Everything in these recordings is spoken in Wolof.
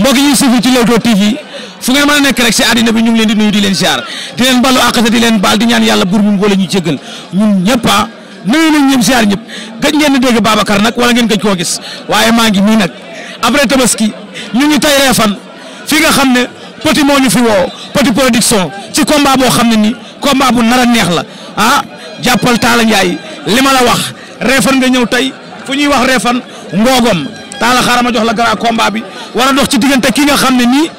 mbokk yi suivre ci Leewtoo TV fu ngeen mën nekk rek si àddina bi ñu ngi leen di nuyu di leen siyaar di leen ballu àq te di leen baal di ñaan yàlla buur bi ñu jéggal ñun ñëpp ah nuyu nañ ñëm siyaar ñëpp gëj ngeen di dégg Babacar nag wala ngeen gëj koo gis waaye maa ngi nii nag après tabaski ñu ngi tey reefan fi nga xam ne petit moo ñu fi woo petit production ci combat boo xam ne nii combat bu nar a neex la ah jàppal Talla Ndiaye li ma la wax reefan nga ñëw tey fu ñuy wax reefan ngoogom Talla xaaral ma jox la grand combat bi war a dox ci diggante ki nga xam ne nii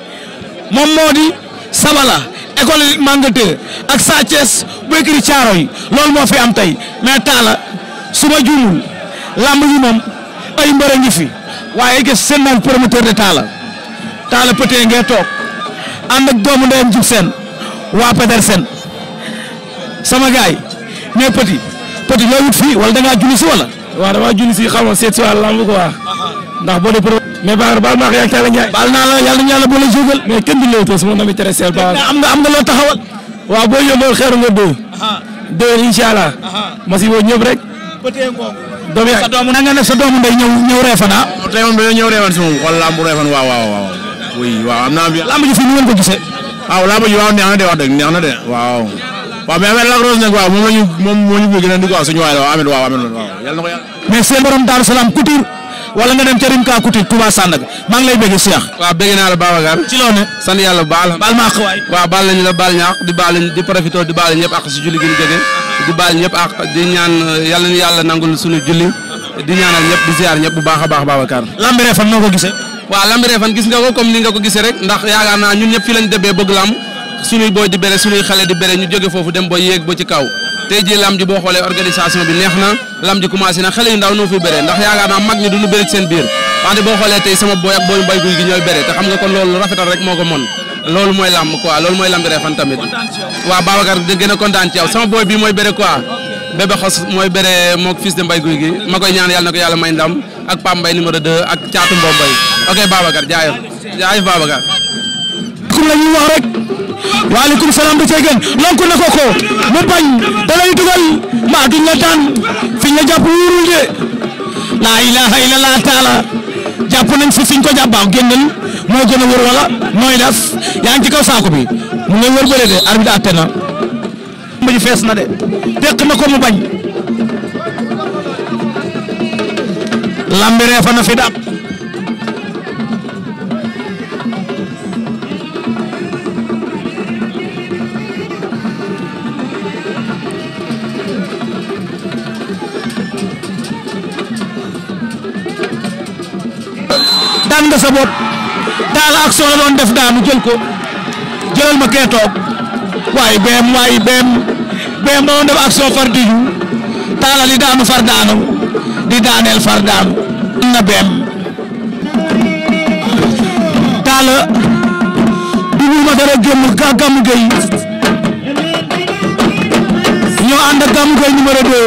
moom moo di Sabala école Mangateur ak Sa Thiès bu écrit Caaro yi loolu moo fi am tey mais taala su ma juumul làmb yi moom ay mbër a ngi fi waaye gis seen naan promoteur de taala taala peut-être toog ànd ak doomu ndeyam jub seen waa Petersen sama gaay mais petit petit loo wut fii wala da ngaa julli si walla waa damaa juni si xam nga seet si wàllu làmb quoi ah, ah. ndax boo dee mais Baar baal maa ko yàgg la yàlla na yàlla boole jógal. mais kenn du ñëw tey sama nami tere seel baal. am nga am nga waaw boo yóbboo xeeru nga dóor. dóor incha allah. ma si woo ñëpp rek. bëtee yaa na nga ne sa doomu ndey ñëw ñëw reefana. Ah? tey moom dañoo ñëw reefan si moom wala lamb reefan waaw waaw waaw. waaw am naa. lamb ji fi ñu ngeen ko gisee. waaw lamb ji waaw neex na de wax dëgg na de waaw. waaw mais Ameth Lac Rose la di ko wax suñu waay borom Daaru Salaam Couture wala nga dem ca Rimka Couture Touba Sandaga maa ngi lay bëgg Cheikh. waaw bëgg naa la Babacar. ci loone yàlla baal. baal ma àq waay. waaw baal nañu la baal ñaax di baal di profité di baal ñëpp àq si julli ñu yàlla na yàlla nangul suñu julli di ñaanal ñëpp di ziar ñëpp bu baax a baax Babacar. lambi Réfane noo ko gisee. waa lambi Réfane gis nga ko comme ni nga ko gisee rek ndax yaakaar naa ñun ñëpp fii lañ debee bëgg lamb suñuy booy di bere suñuy xale di bere ñu jóge foofu dem ba yéeg ba ci kaw tey jii lam ji boo xoolee organisation bi neex na lam ji commencé na xale yu ndaw noo fi bëree ndax yaakaar naa mag ñi duñu bëri seen biir wante boo xoolee tey sama booy ak booy mbay guy gi ñooy bëree te xam nga kon loolu rafetal rek moo ko mën loolu mooy lam quoi loolu mooy lamb refan tamit waaw Babacar da gën a kontaan ci yow sama booy bi mooy bëre quoi bébé xos mooy bëre mook fils de mbay guy gi ma koy ñaan yàlla na ko yàlla may ndam ak Pape Mbaye numéro 2 ak caatu Mbow Mbaye ok Babacar jaayef jaayef Babacar salaamaaleykum la rek waaleykum salaam du cee gën lonku na ko mu bañ da lay dugal mbaa duñ la fiñ la jàpp wóorul de laa ilaaha illallah taala jàpp nañ fi fiñ ko jàpp baaw génnal moo gën a wër wala nooy def yaa ngi ci bi mu ngi wër bële de arbitre atte na mbaji fees na de teq na ko mu bañ lambi reefa na fi dàq daan nga sa bopp daal action la doon def daanu jël ko jëlal ma kee toog waaye beem waaye beem beem da doon def action far di taala di daanu far daanu di daaneel far daanu na beem taala dugul ma dara gémm ga ñoo ànd ak gàmmu gay numéro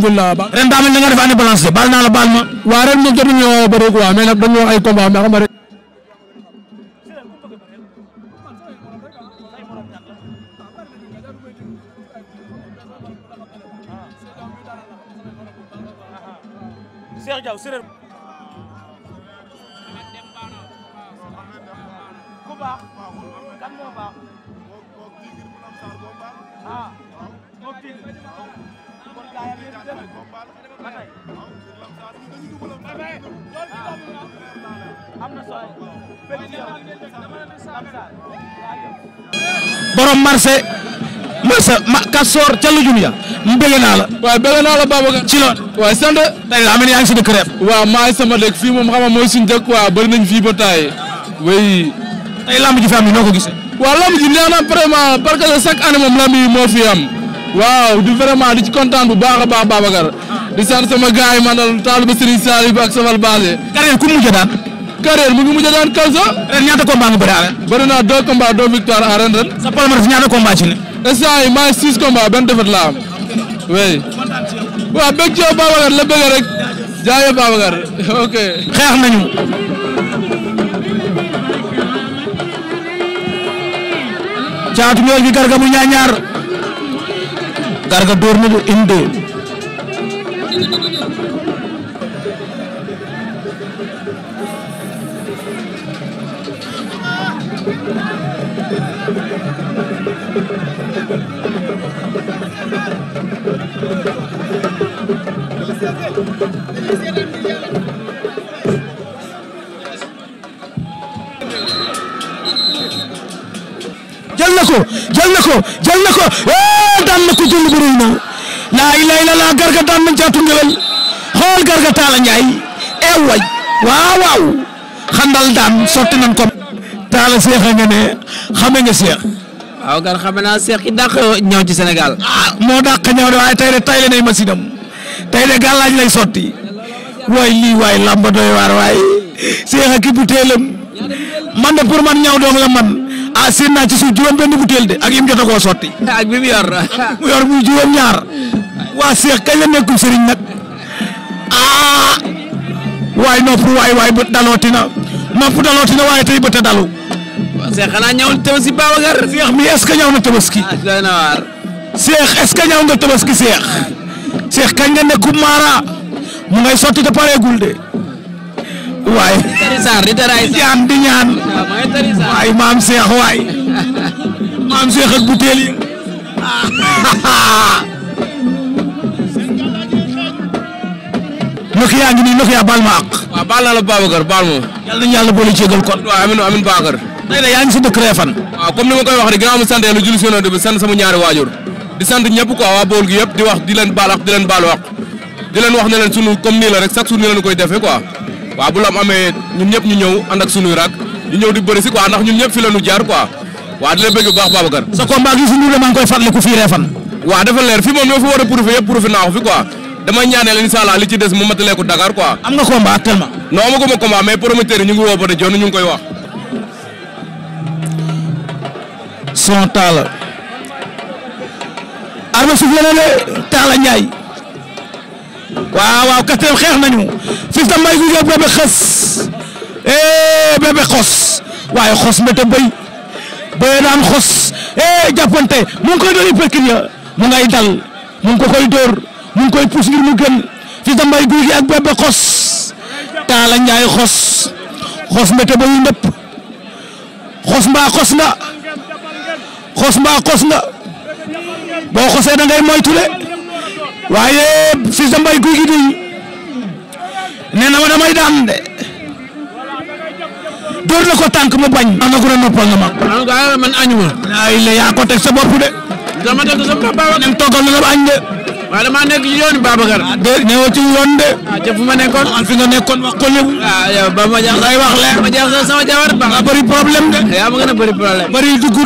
alhamdulilah ba ren daa mel ni nga def année balance de baal naa la baal ma. waaw ren moom jotuñu ñoo bëri quoi mais nag dañoo ay combat mais xam nga rek. Cheikh Diaw séeréer ku baax kan moo baax ah borom marché marché ma Kasoor ca Lujum ya mbëgg naa la. waaw bëgg naa la Babacar. ci loolu waaw sant. tey la yaa ngi si dëkk reef. waaw maa sama dëkk fii moom xam nga mooy suñu dëkk waaw bëri fii ba taay. oui. tey lamb ji am yi noo ko gise waaw lamb ji nee na vraiment parce que chaque année moom lamb moo fi waaw di vraiment di ci kontaan bu baax a baax Babacar. di sant sama gars yi maanaam taaliba Serigne Saliou bi ak sama base. carrière ku mu mujj daan. carrière mu ngi mujj daan Kalsa. ren ñaata combat nga bëri arène. bëri naa deux combats victoire arène ren. sa palmarès ñaata combat ci ne. instant yi maa ngi benn défaite laa am. oui. ci yow la bëgg rek. jaayee Babacar xeex nañu. caatu ñool bi garga mu ñaar Garga door na de une deux jël na ko jël na ko jël na ko eh, daan na ko jël bu rëy na laa ilaaha illallaah daan na jaatu ngewel xool garga taala njaay eew eh, waay waaw waaw xandal daan sotti nan ko taala seex nga ne xame nga seex waaw gar xame naa seex ki dàq ñëw ci Sénégal ah, moo dàq ñëw de waaye tey de tay le nay machine tey de gàllaaj lay sotti waay lii waay lamba doy waar waay seex a ki bu teelam man de pour man ñëw doom la man ah seen naa ci suuf juróom benn butéel de ak yim jot a koo sotti. ak bi mu yor mu yor muy juróom ñaar waa Cheikh kañ la nekkul Serigne nag ah waay nopp waay waay bët dalooti na nopp dalooti na waaye tey bët a dalu. waaw Cheikh xanaa ñëw tabaski Babacar. Cheikh mi est-ce que ñëw na tabaski. ah doy na waar. Cheikh est-ce que ñëw nga tabaski Cheikh. Cheikh nga nekkul Mara mu ngay sotti pareegul de. waay di ñaan di ñaan waay maam Seex waay maam Seex ak butéel yi yaa ngi nii nok yaa baal ma àq waaw baal naa la Babacar baal ma yàlla nañu yàlla boole kon waaw amiin amiin yaa ngi si dëkk Réfane waaw ni ma koy wax rek ginnaaw ma sant yàlla julli si yonent bi sant sama ñaari waajur di sant ñëpp quoi waa bool gi yëpp di wax di leen baal àq di leen baal àq di leen wax ne leen sunu comme nii la rek chaque jour nii la koy defee ko waaw bu lam amee ñun ñëpp ñu ñëw ànd ak sunuy rak ñu ñëw di bëri si quoi ndax ñun ñëpp fi la ñu jaar ko waaw di la bëgg bu baax Babacar. sa combat gi suñu dama ngi koy fàttaliku fii Réfane. waaw dafa leer fi moom ñoo fi war a prouvé yëpp prouvé naa ko fi quoi damay ñaanal incha allah li ci des mu matalee ko Dakar quoi. am nga combat actuellement. non amaguma combat mais promoteur yi ñu ngi woo ba de joon ñu ngi koy wax. son taala. arme suuf la ne Talla Ndiaye. waaw waaw quatrième xeex nañu Fils de Mbaye Gouye Gui Bébé Xës eh Xos waaye Xos mbete béy béy daan Xos eh jàppante mu ngi koy dóor uppercut mu ngay dal ko koy dóor mu ngi koy pousse ngir mu gën Fils de Mbaye ak Bébé Xos Talla Ndiaye Xos Xos mbete béyu ndëpp Xos mbaa Xos nga Xos mbaa Xos nga boo Xosee da ngay moytu de. waaye Fils de Mbaye Gouy Gui dey na ma damay daan de door na ko tànk mu bañ. ana ko noppal na ma. ah man añu ma. ay la yaa ko teg sa bopp de. dama teg sa bopp Babacar. na la de. waaw damaa nekk ci yoonu Babacar. Ah, de ne ci yoon de. ah ma nekkoon. an fi nga nekkoon wax ko léegi. Ah, ba ma jaaxle. ay wax leen ma sa sama jawar ba. nga bëri problème de. yaa ma gën a bëri problème. bëri dugg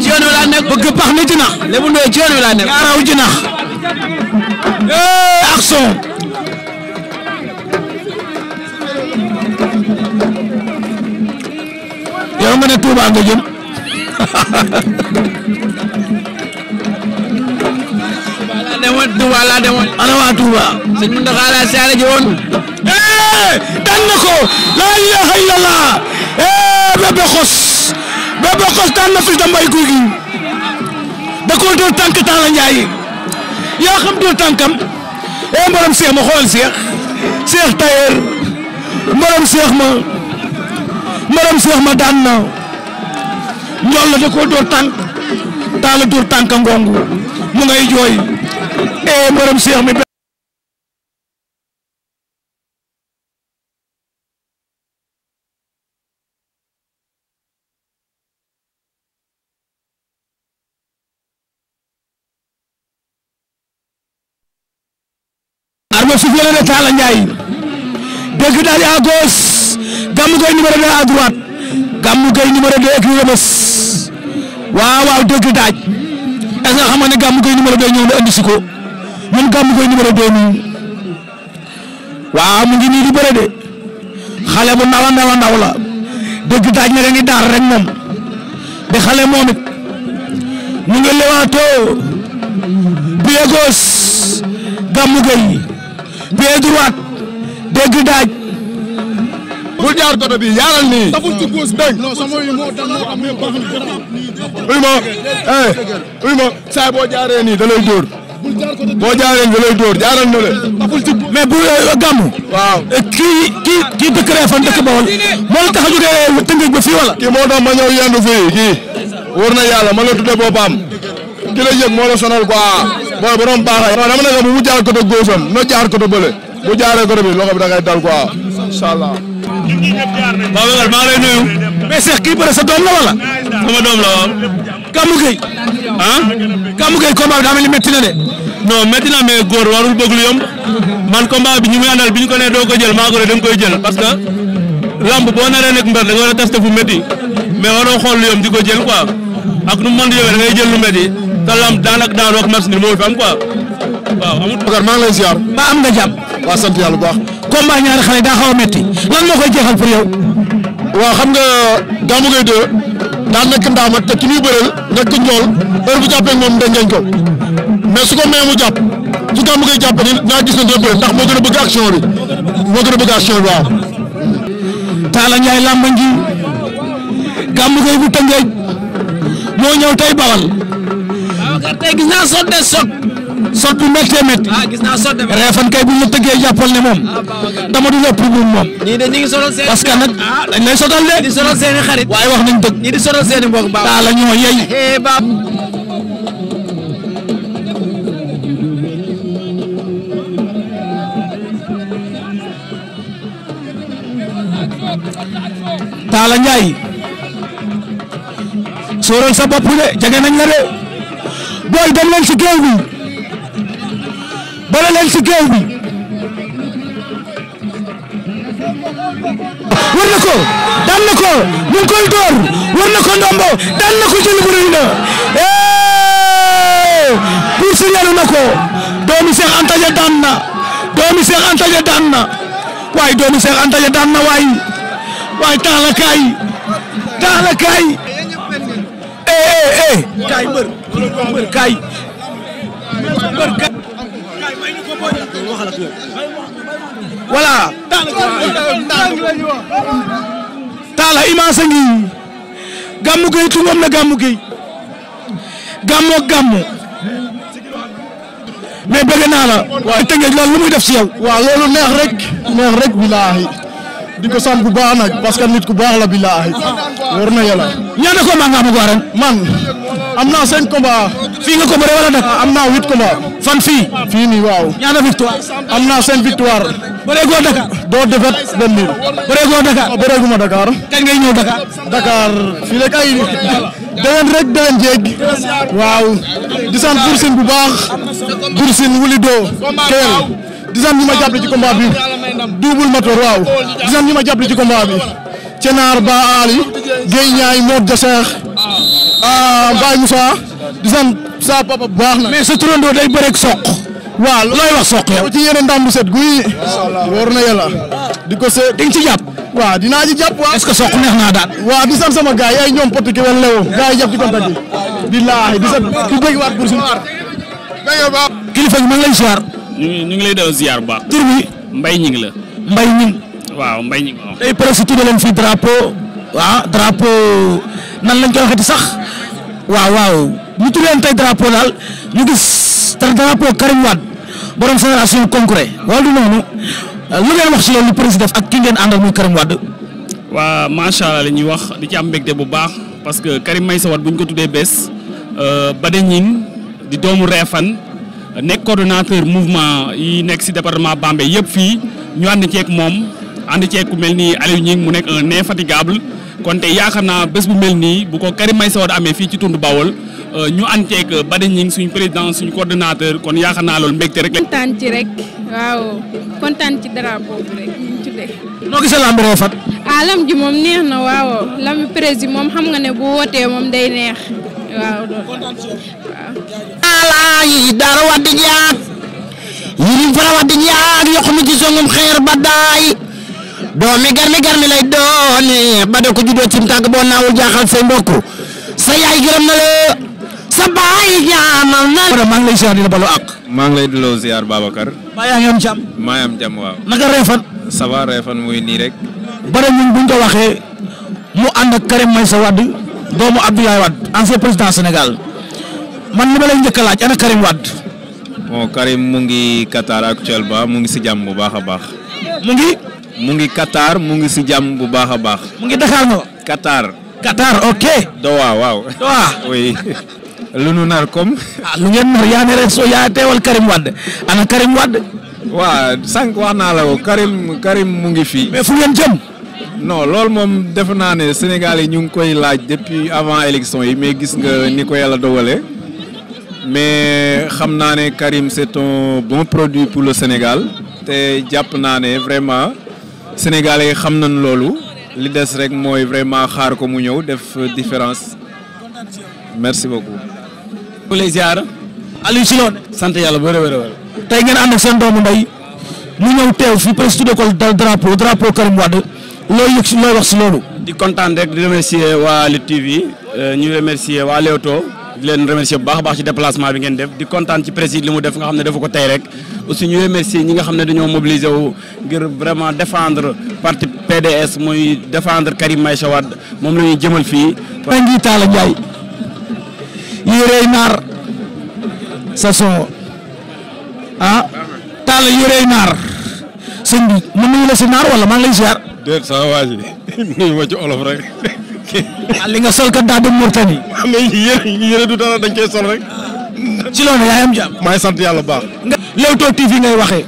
ci yoon wi laa nekk. bëgg pax na jinax. lépp ndoye ci yoon wi laa Jackson yow nga ne Touba nga jëm demoon Touba laa demoon ana waa Touba sëñ bi ndaxa laa siyaare ji woon dan na ko laa ilaha illallah eh bébé xos bébé xos dan na fi da mbay guy gi da ko door tànk Talla Ndiaye yaa xam doo tànkam eh mborom seex ma xool seex seex tailleur mborom seex ma mborom seex ma daan na ñool la da koo dur tànk taala door tànk ngongu mu ngay jooy eh mborom seex mi. soufflé de Talla Ndiaye dégg daal à gauche Gamou Gueye numéro 2 à droite Gamou Gueye numéro 2 écurie waaw waaw dégg daaj est-ce que xam nga ne Gamou Gueye numéro 2 ñëw na andi si ko waaw mu ngi nii di bëre de xale bu ndaw a ndaw a daaj ne da ngi daar rek moom de xale moom it mu ngi lewaatoo pied gauche Gamou pied droit dégg bul jaar côté bi yaaral nii. daful ci gauche dégg am baax na. uy ma eh boo jaaree nii da lay dóor. boo jaaree nii da lay dóor jaaral na le. daful ci waaw eh, kii kii kii dëkk Réfane dëkk Bawol moo la tax a jógee Tëngéej ba fii wala. kii moo tax ma ñëw fii kii. wóor na yàlla ma la tuddee boo ki la yëg moo la ko quoi. mooy borom baaxaay. non dama ne ko bu jaar bi loxo bi da ngay dal quoi incha allah. Babacar maa ngi lay nuyu. mais Cheikh kii bëre sa doom la wala. sama doom bi na de. non warul bëgg lu man combat bi ñu muy bi ñu ko nee doo ko maa ko ne da nga koy jël parce que lamb boo naree nekk mbër da nga war a testé fu métti mais waroo xool ko ak nu mu mën di yëwee da ngay jël te lamb daanaka daan ak match ni moo fi am quoi waaw amul. Bakar maa ngi am nga jàmm. waaw sant yàlla bu baax. combat ñaari xale daa xaw a métti lan moo koy jeexal pour yow. waaw xam nga Gamou Gueye 2 daan nekk ndaama te ki muy bëreel nekk njool heure bu jàppee moom ndengeñ ko mais su ko mee mu jàpp su Gamou Gueye jàppee ni naa gis ne dina ndax moo gën a bëgg action bi moo gën a bëgg action bi waaw. Talla Ndiaye lamba ngi Gamou Gueye bu Tëngéej moo ñëw tey bawal. Babacar tey gis naa sot de sot. sot parce que nag ah, dañ lay sotal wax nañ dëgg. ñii di sotal seen i mbokk baax. yey. Eh, Talla sa bopp de jege nañ la de booy dem leen si géew bi bala leen si géew bi war na ko daan na ko mu ngi koy door war na ko ndombo daan na ko jël bu rëy na pour signaler na ko doomi Cheikh Anta Dia daan na doomi Cheikh Anta Dia daan na waaye doomi Cheikh Anta Dia daan na waay waay tax la kaay tax la mbër kaay mbër kaay voilà taala immense ngi gàmmu gay na gàmmu gay gàmmu ak gàmmu mais bëgg naa la waaye tëngeej loolu lu muy def ci yow loolu neex rek neex rek bilaahi di ko sant bu baax nag parce que nit ku baax la billaahi war na yàlla. ñaata combat nga amagoo man am naa cinq combat. fii nga ko bëre wala nag. am naa huit combat. fan fii. fii nii waaw. ñaata victoire. am naa cinq victoire. bëreegoo Dakar. doo defet benn nit. bëreegoo Dakar. Ah, bëreeguma Dakar. kañ ngay ñëw Dakar. Dakar fii la kay déwén rek déwén jéeg. waaw di sant Boursine bu baax. Boursine wuli doo. Kelle. di sant ñi ma jàppale ci combat bi double moteur waaw di sant ñi ma jàppale ci combat bi Cenaar Ba Ali Guèye Ndiaye Modou Diassaire ah. ah Baye Moussa di sant sa papa bu baax na. mais sa turandoo day bëreeg soq. waaw looy wax soq yow. ci yeneen ndam bu set guy. wóor na di ko se di ci jàpp. waaw dinaa ci jàpp waaw. est que soq neex naa daal. waaw di sant sama gars yi ay ñoom Potou Kewel Léwo gars yi jàpp ci contact billaahi di sant di bëgg waat pour kilifa gi maa ngi lay ñu ñu ngi lay delloo ziar bu baax. mbay ñi ngi la. mbay ñi. waaw mbay ñi. tey presque tudd leen fii drapeau. waaw ah, drapeau nan lañ koy waxati sax. waaw waaw ñu tudd tey drapeau daal ñu gis drapeau Karim Wade borom génération concret wala du noonu euh, lu ngeen wax si loolu président def ak ki ngeen àndal muy Karim Wade. waa macha allah ñuy wax di ci am mbégte bu baax parce que Karim Meïssa Wade bu ñu ko tuddee bees ba de ñin di doomu Réfane. nekk coordonnateur mouvement yi nekk si département Bambey yëpp fii ñu ànd ceeg moom ànd ceeg ku mel ni Aliou Gningue mu nekk un infatigable kon tey yaakaar naa bés bu mel nii bu ko Karim Meïssa Wade amee fii ci tund Bawol euh, ñu ànd ba Bada Gningue suñu président suñu coordonnateur kon yaakaar naa loolu mbégte rek. kontaan ci rek waaw kontaan ci drapeau bi noo gisee lamb Réfat. ah lam ji moom neex na waaw lam président moom xam nga ne bu wootee moom day neex laay daara waddi jaag yirim fara waddi jaag yoxumi ci songum xeer ba doomi garmi garmi lay doone ba de ko juddoo cim tànk boo naawul jaaxal say mbokk sa na la sa baay jaamal na la ngi lay ziar la balu ak maa ngi lay delloo ziar Babacar maa yaa ngi am jàmm maa nii rek bare ñun buñ ko waxee mu ànd ak Karim Meïssa doomu Abdoulaye Wade ancien président Sénégal man li ma lay njëkk a laaj ana Karim Wade. bon Karim mu ngi Qatar actuellement mu ngi si jàmm bu baax a baax. mu ngi. mu ngi Qatar mu ngi si jàmm bu baax a baax. mu ngi Dakar nga. Qatar. Qatar ok. Doha waaw. Doha lu nu nar comme. ah lu ngeen nar yaa ne rek soo yaa teewal Karim Wade ana Karim Wade. waaw sànq wax naa la ko Karim mu ngi fii. mais fu ngeen jëm. non loolu moom def naa ne Sénégal yi ñu ngi koy laaj depuis avant élection yi mais gis nga ni ko yàlla dogalee. mais xam naa ne Karim c'est un bon produit pour le Sénégal te jàpp naa ne vraiment sénégalais yi xam nañ loolu li des rek mooy vraiment xaar ko mu ñëw def différence merci beaucoup. bu lay si loon. sant yàlla bu wér a wér a wér. tey ngeen ànd ak seen doomu ndey mu ñëw teew fii presque tuddee ko drapeau drapeau Karim Wade looy yëg si wax si loolu. di kontaan rek di remercier waa Lutte TV euh, ñu remercier waa Leewtoo. leen remercier bu baax a baax ci déplacement bi ngeen def di kontaan ci président li mu def nga xam ne dafa ko tey rek aussi ñu remercier ñi nga xam ne dañoo mobiliser wu ngir vraiment défendre parti PDS muy défendre Karim Meïssa Wade moom la ñuy jëmal fii. ngi a Ndiaye yérey naar sa son ah Talla yérey naar sëñ bi mën nañu la si naar wala maa ngi lay ziar. déet ci olof rek. li nga sol kat daa dem Mourtani. du dara dañ koy sol rek. ci loolu yaay am jàmm. maa ngi sant yàlla baax. Leewtoo TV ngay waxee.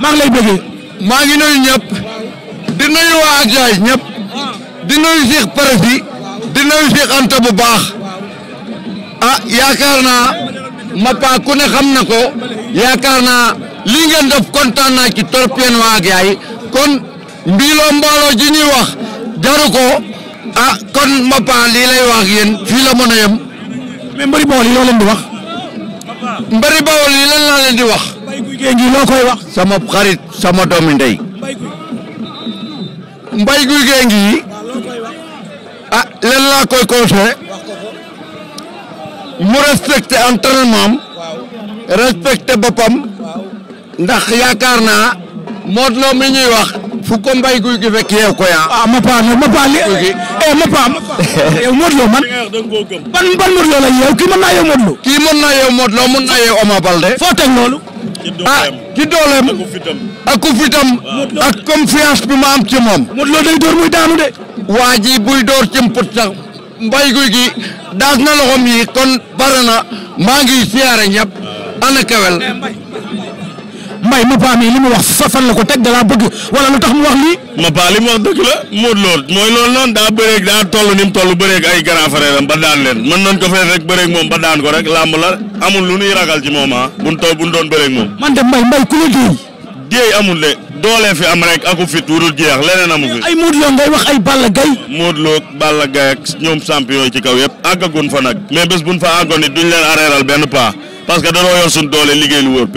maa ngi lay bëggee. maa ngi nuyu ñëpp. di nuyu waa Adjaye ñëpp. di nuyu Cheikh Parasi. di nuyu Cheikh Anta bu baax. ah yaakaar naa Mapaa ku ne xam na ko. yaakaar naa li ngeen def kontaan naa ci trop yéen waa kon mbiiloo mbooloo ji ñuy wax jaru ko. a ah, kon Mappa lii lay wax yéen fii la mën a yem. mais mbëri Bawol yi loo leen di wax. mbëri Bawol yi lan laa leen di wax. mbay guy loo koy wax. sama xarit sama doomi ndey. mbay guy gee ngi ah lan laa koy conseillé mu respecté entraînement respecté boppam ndax yaakaar naa Modou Lo mi ñuy wax. fu ko mbay guy gi fekk yeew ko yaa. ah ma li eh ma paa ma man. ban ban la yeew kii mën kii mën naa yeew Modou Lo mën naa yeew ah, ah, bi ma am ci moom. Modou Lo day door muy daanu de. waa ji door ci mput sax mbay guy gi daas na loxom yi kon bare na maa ngi siyaare ñëpp ana kewel. Eh, mbay Mapa mi li mu wax fan la ko teg da laa bëgg wala lu tax mu wax lii. Mapa li mu wax dëgg la moo lool mooy loolu noonu daa bëreeg daa toll ni mu toll bëreeg ay grand frère am ba daan leen mën nañ ko fee rek bëreeg moom ba daan ko rek làmb la amul lu ñuy ragal ci moom ah buñ toll buñ doon bëreeg moom. man de mbay mbay ku la déy. déy amul de doolee fi am rek aku fit wurul jeex leneen amu fi. ay Modou Lo ngay wax ay Balla Gaye. Modou Lo Balla Gaye ak ñoom champion ci kaw yëpp àggagun fa nag mais bés buñ fa leen areeral benn que danoo yor suñ doole liggéey lu wóor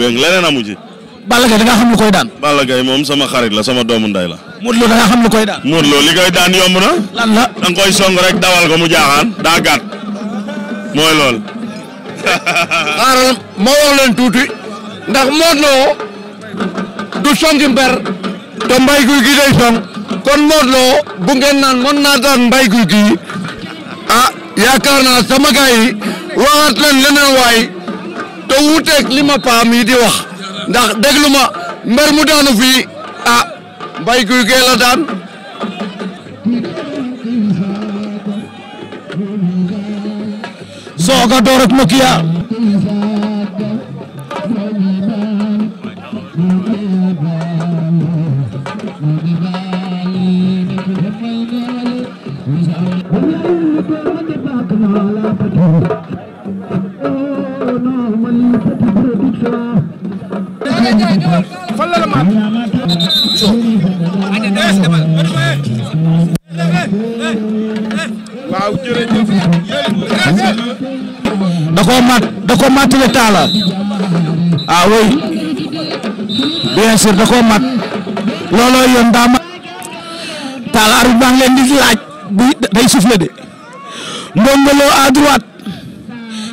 Balla Gaye da xam lu koy daan. Balla Gaye moom sama xarit la sama doomu nday la. moo Lo da nga xam lu koy daan. Modou Lo li koy daan yomb lan la da nga koy song rek dawal ko mu jaaxaan. lool. ma wax tuuti. ndax Modou Lo du songi mber. te mbay guy gi day song. kon Modou Lo bu naan mën naa daan mbay guy gi ah yaakaar naa sama gars yi waxaat leen leneen waay te wuuteeg li ma paa mii di wax. ndax déglu ma mbër mu daanu fii ah guy gee la sooga door ak Nokia matale taala ah oui bien sûr da koo mat looloo yoon daa mat taala arbitre leen di laaj bu day soufflé de Ndongo Lo à droite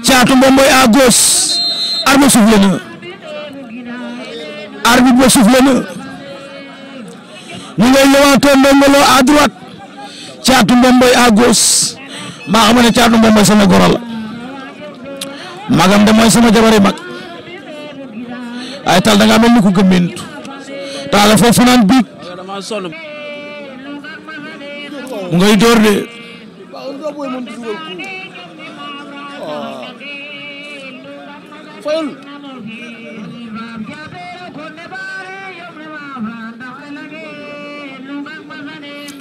Thiatou Bomboy à gauche na arbitre ba soufflé na ñu ngi lay lewaatoo Ndongo Lo à droite Thiatou Bomboy à gauche ne Thiatou Bomboy sama goro magam de mooy sama jabari mag ay tal da ngaa mel ni ku gëmmint taala foofu fanaan biig mu ngay door de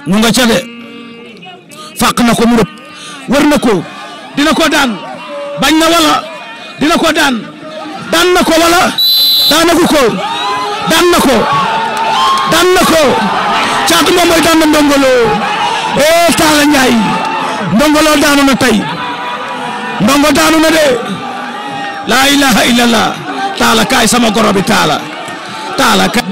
mu nga ca de na ko mu rëpp war na ko dina ko daan bañ na wala dina ko daan daan na ko wala daan na ko ko caatu moom daan na Ndongo ee Talla Ndiaye Ndongo daanu na tey Ndongo daanu na de laa ilaaha illallah Talla kaay sama goro bi Talla kaay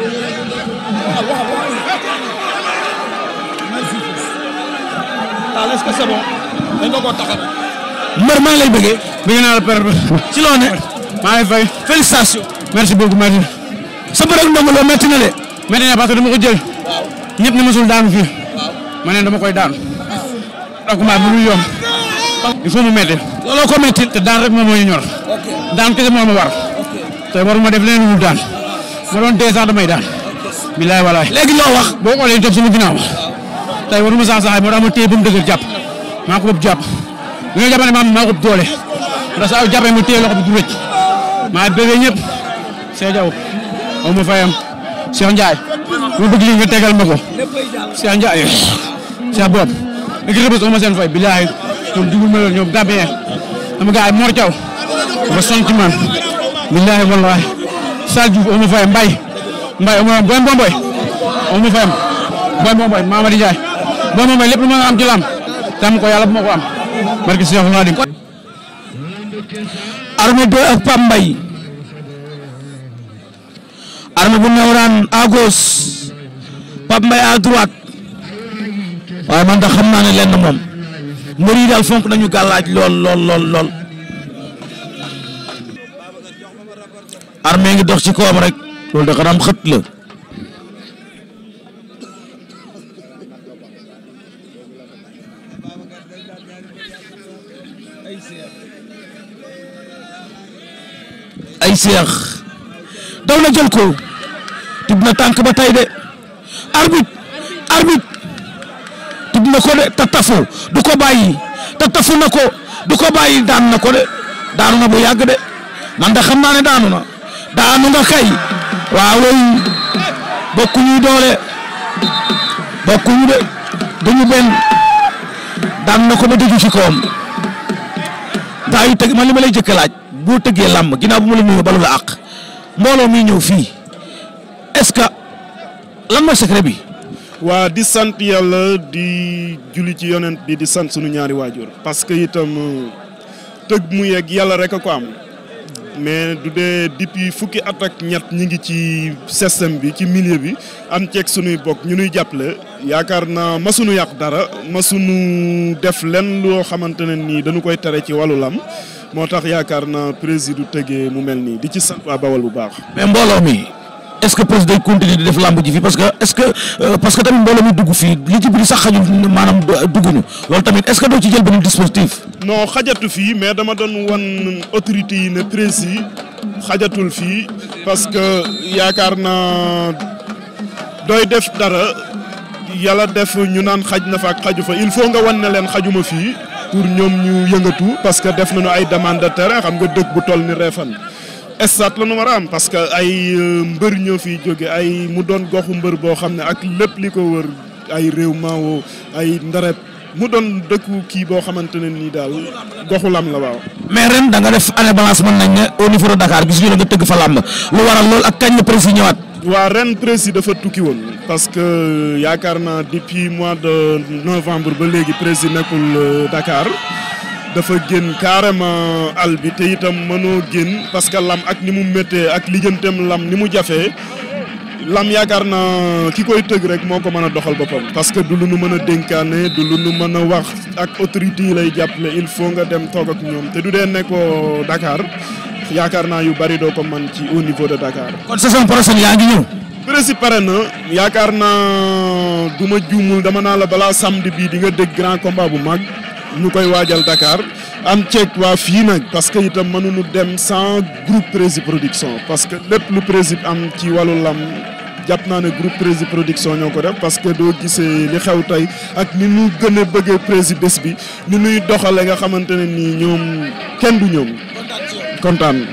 Mbër maa ngi lay bëggee. bëgg naa la père ci loo ne. maa ngi fay félicitations. merci beaucoup merci. sa bërëb Ndongo Lo métti na de. métti na parce que dama ko jël. ñëpp ne mosul daanu fii. ma ne dama koy daanu. ak maa bu dul yomb. il faut mu métti. looloo ko métti. te daan rek moo ñu ñor. daan kese moo ma war. te waruma def leen lu daan. ma doon deux ans damay daan. bilaay walaay léegi loo wax. boo xoolee ñu toog sama ginnaaw. Ah. tey waruma saa saxaay moo tax ma téye ba mu dëgër jàpp. maa ko bëgg jàpp. ñoo jàpp maam maa ko doole ndax saa yu mu téye loxo bi du rëcc maa bébé ñëpp Cheikh Diaw aw ma fayam Cheikh Ndiaye mu bëgg li nga tegal ma ko Cheikh Ndiaye Cheikh Bob léegi rëbës aw seen fay bilaay ñoom dugub ma loolu ñoom Gambien am gaay Mor Thiaw ba sonn ci man bilaay wallaay Sall Diouf fayam Mbaye Mbaye aw ma fayam Boy Mbomboy aw ma fayam Boy Mbomboy Mamadi Ndiaye ma nga am ci tam ko yàlla bu ma ko am barke Cheikh Khadim armée 2 ak Pape Mbaye armée bu Néewraan à gauche Pape Mbaye à waaye man da xam naa ne lenn moom mbër yi fonk nañu gàllaaj lool lool lool lool armée ngi dox ci koom rek loolu da xanaa Cheikh daw na jël ko tib na tànk ba tay de arbitre arbitre tib na ko de tatafu du ko bàyyi tatafu na ko du ko bàyyi daan na ko de daanu na bu yàgg de man da xam naa ne daanu na daanu nga kay waaw loolu bokkuñu doole bokkuñu de duñu benn daan na ko ba dëju ci kawam daa yu teg man ma lay jëkk laaj boo tëggee làmb ginnaaw bu ma la nuyoo balu la àq mbooloo mi ñëw fii est-ce que lan mooy secret bi. waa di sant yàlla di julli ci yonent bi di sant sunu ñaari waajur parce que itam tëgg mu yeeg yàlla rek a ko am. mais du dee depuis fukki at ak ñett ñi ngi ci système bi ci milieu bi am ceeg sunuy bokk ñu nuy jàppale yaakaar na ma sunu yàq dara ma sunu def lenn loo xamante ne nii dañu koy tere ci wàllu lam moo tax yaakaar na président tegee mu mel nii di ci sant waa bu baax. mais mbooloo mi est-ce que président day continuer di def lamb ji fii parce que est-ce que euh, parce que tamit mbooloo mi dugg fii li ci biir sax xajul maanaam dugguñu loolu tamit est-ce que doo ci jël benn dispositif. non xajatu fii mais dama doon wan autorité yi ne président xajatul fii parce que yaakaar na doy def dara yàlla def ñu naan xaj na fa ak xaju fa il faut nga wan ne leen xajuma fii. pour ñoom ñu yëngatu parce que def nañu ay demande de xam nga dëkk bu toll ni Réfane stade la ñu war a am parce que ay euh, mbër ñoo fiy jóge ay mu doon goxu mbër boo xam ne ak lépp li ko wër ay réew maawo ay ndareb mu doon dëkku kii boo xamante ne nii daal goxu lam la waaw. mais ren da nga def année balance mën nañ ne au niveau gis ñu nga tëgg fa làmb lu waral lool ak kañ la prix ñëwaat. waa ren prési dafa tukki woon parce que euh, yaakaar naa depuis mois de novembre ba léegi prési nekkul euh, dakaar dafa génn carrément àll bi te itam mënoo génn parce que lam ak ni mu méttee ak lijjanteem lam ni mu jafee lam yaakaar naa ki koy tëgg rek moo ko mën a doxal boppam. parce que du lu nu mën a dénkaane du lu nu mën a wax ak autorité yi lay jàppale il faut nga dem toog ak ñoom te du dee nekkoo Dakar. yaakaar naa yu bari doo ko man ci au niveau de Dakar. kon saison prochaine yaa ngi ñëw. prési pare na yaakaar naa du ma juumul dama naa la balaa samedi bii di nga dégg grand combat bu mag ñu koy waajal dakaar am ceeg waa fii nag parce que itam mënuñu dem sans groupe prési production parce que lépp lu prési am ci wàllu lam jàpp naa ne groupe prési production ñoo ko def parce que doo gisee li xew tey ak ni ñu gën a bëggee prési bés bi ni nuy doxale nga xamante ne nii ñoom kenn du ñoom kontaan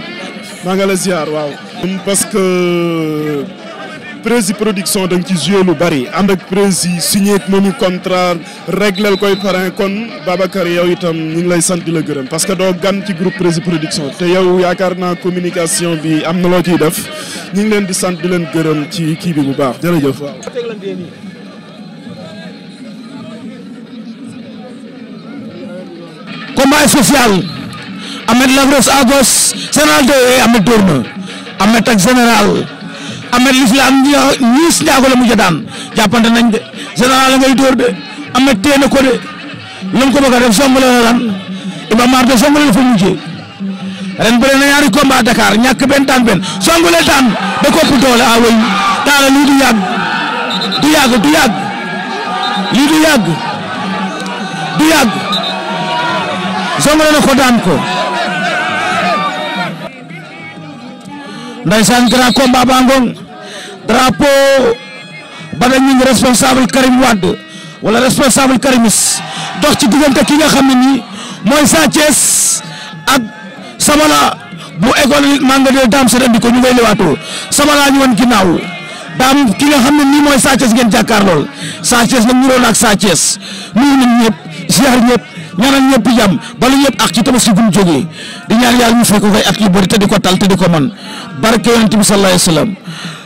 maa nga la ziar waaw. Um, parce que Prési production da ci joué lu bari ànd ak Prési signé ak moom i contrat réglel koy parrain kon Babacar yow itam ñu ngi lay sant di la gërëm parce que doo gan ci groupe Prési production te yow yaakaar naa communication bi am na loo ciy def ñu ngi leen di sant di leen gërëm ci kii bi bu baax jërëjëf waaw. combat social. Ahmed Lagros à gauche de Ahmed door na Ahmed ak général Ahmed l'islam ñiis njaago la mujj daan jàppante nañ de général la ngay de Ahmed téye ko de lu mu a def song la la lan Iba Mar de song fa mujjee ren bëre na ñaari combat Dakar ñàkk benn daan daan da ko ëpp doole ah a way lii du yàgg du yàgg du yàgg lii du yàgg du yàgg song ko daan ko ndaysaan grand combat ba ngong drapeau ba dañu ngi responsable Karim Wade wala responsable Karimis dox ci diggante ki nga xam ne nii mooy Sa Thiès ak Samala bu école manga de Dame Sène andi ko ñu ngay lewaatoo Samala ñu wan ginnaaw daam ki nga xam ne nii mooy Sa Thiès ngeen jàkkaar lool Sa Thiès nag ak Sa Thiès nuyu nañ ñëpp ziar ñëpp ñaanal ñëpp jàmm balu ñëpp ak ci tabaski gum jógee di ñaan yàlla ñu fekk ko koy at yu bëri te di ko tal te di ko man barke yonent bi sallallahu alayhi wa sallam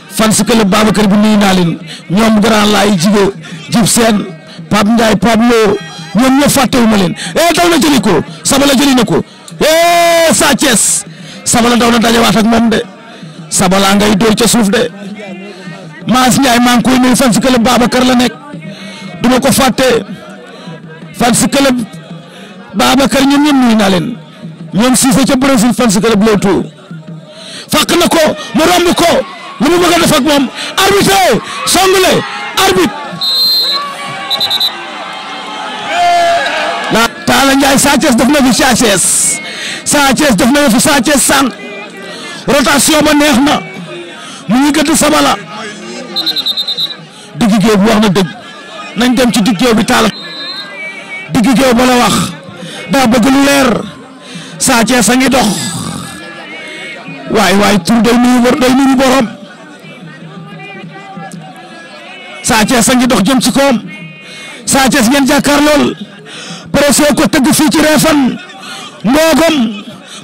fan si kële Babacar bi nuyu naa leen ñoom grand laay jige jib seen Pape Ndiaye Pape Lo ñoom ñëpp fàttewuma leen eh daw na jëli ko la jëli na ko eh Sa Thiès la daw na dajawaat ak moom de saba sabala ngay dóor ca suuf de Maas Ndiaye maa ngi koy nuyu fan si kële Babacar la nekk du ma ko fàtte fan si Babacar ñoom ñoom nuyu naa leen ñoom Cissé ca Brésil fan si club Leewtoo fàq na ko mu romb ko lu mu ma a def ak moom arbitre songule arbitre la Talla Ndiaye Sa Thiès na fi Sa Thiès Sa Thiès def na fi Sa sànq rotation ba neex na mu ngi gëdd sabala digg géew bi wax na dëgg nañ dem ci digg géew bi Talla digg géew ba la wax daa bëgg leer Sa a ngi dox waay waay tur day nuyu war day nuyu a ngi dox jëm ci koom Sa Thiès ngeen lool pression ko tëgg fii ci Réfane ngoogom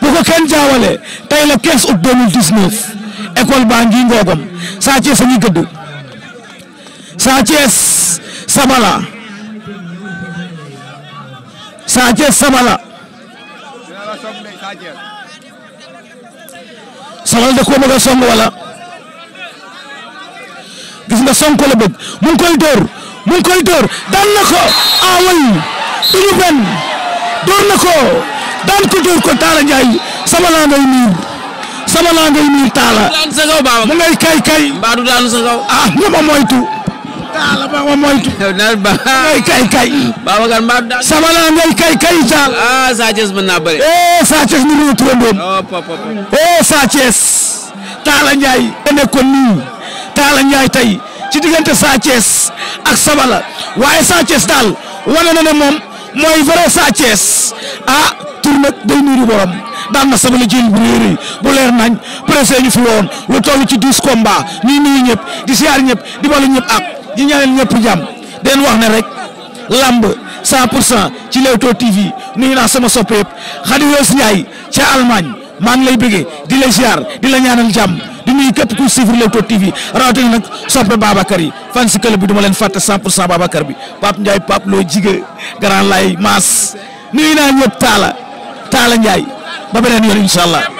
bu ko kenn jaawale tey la 15 août 2019 école baa ngi ngoogom Sa Thiès a ngi gëdd Sa sabala Sa Thiès Sabala Sabala da koo bëgg a song wala gis nga song ko bëgg mu koy dóor mu koy dóor daan na ko away duñu benn dóor na ko daan ko dóor ko Talla Ndiaye Sabala ngay miir Sabala ngay miir Talla mu ngay kay kay mbaa ah, nga ma moytu taala ba ma moytu. naan ngay kay kay. taal. ah Sa Thiès mën naa bëri. eh Sa Thiès ñu turandoom. oh papa eh Sa tey ci diggante Sa Thiès ak Sabala waaye Sa Thiès daal wane moom mooy vrai Sa Thiès ah, tur nag day niiru borom daan na Sabala jël bu réer nañ pressé ñu fi woon lu toll ci douze combats ñuy nuyu di siyaar ñëpp di balu ñëpp ak. di ñaanal ñëpp jàmm den wax na rek lamb 100 pour cent ci Leewtoo TV nuyu naa sama soppe yëpp Khady Weus Ndiaye ca Allemagne maa ngi lay bëggee di la ziar di la ñaanal jàmm di nuyu képp ku suivre Leewtoo TV rawatina nag soppe Babacar yi fan si club bi ma leen fàtte 100 pour cent Babacar bi Pape Ndiaye pap loo jige Grand Lay Maas nuyu naa ñëpp Talla Talla Ndiaye ba beneen yoon incha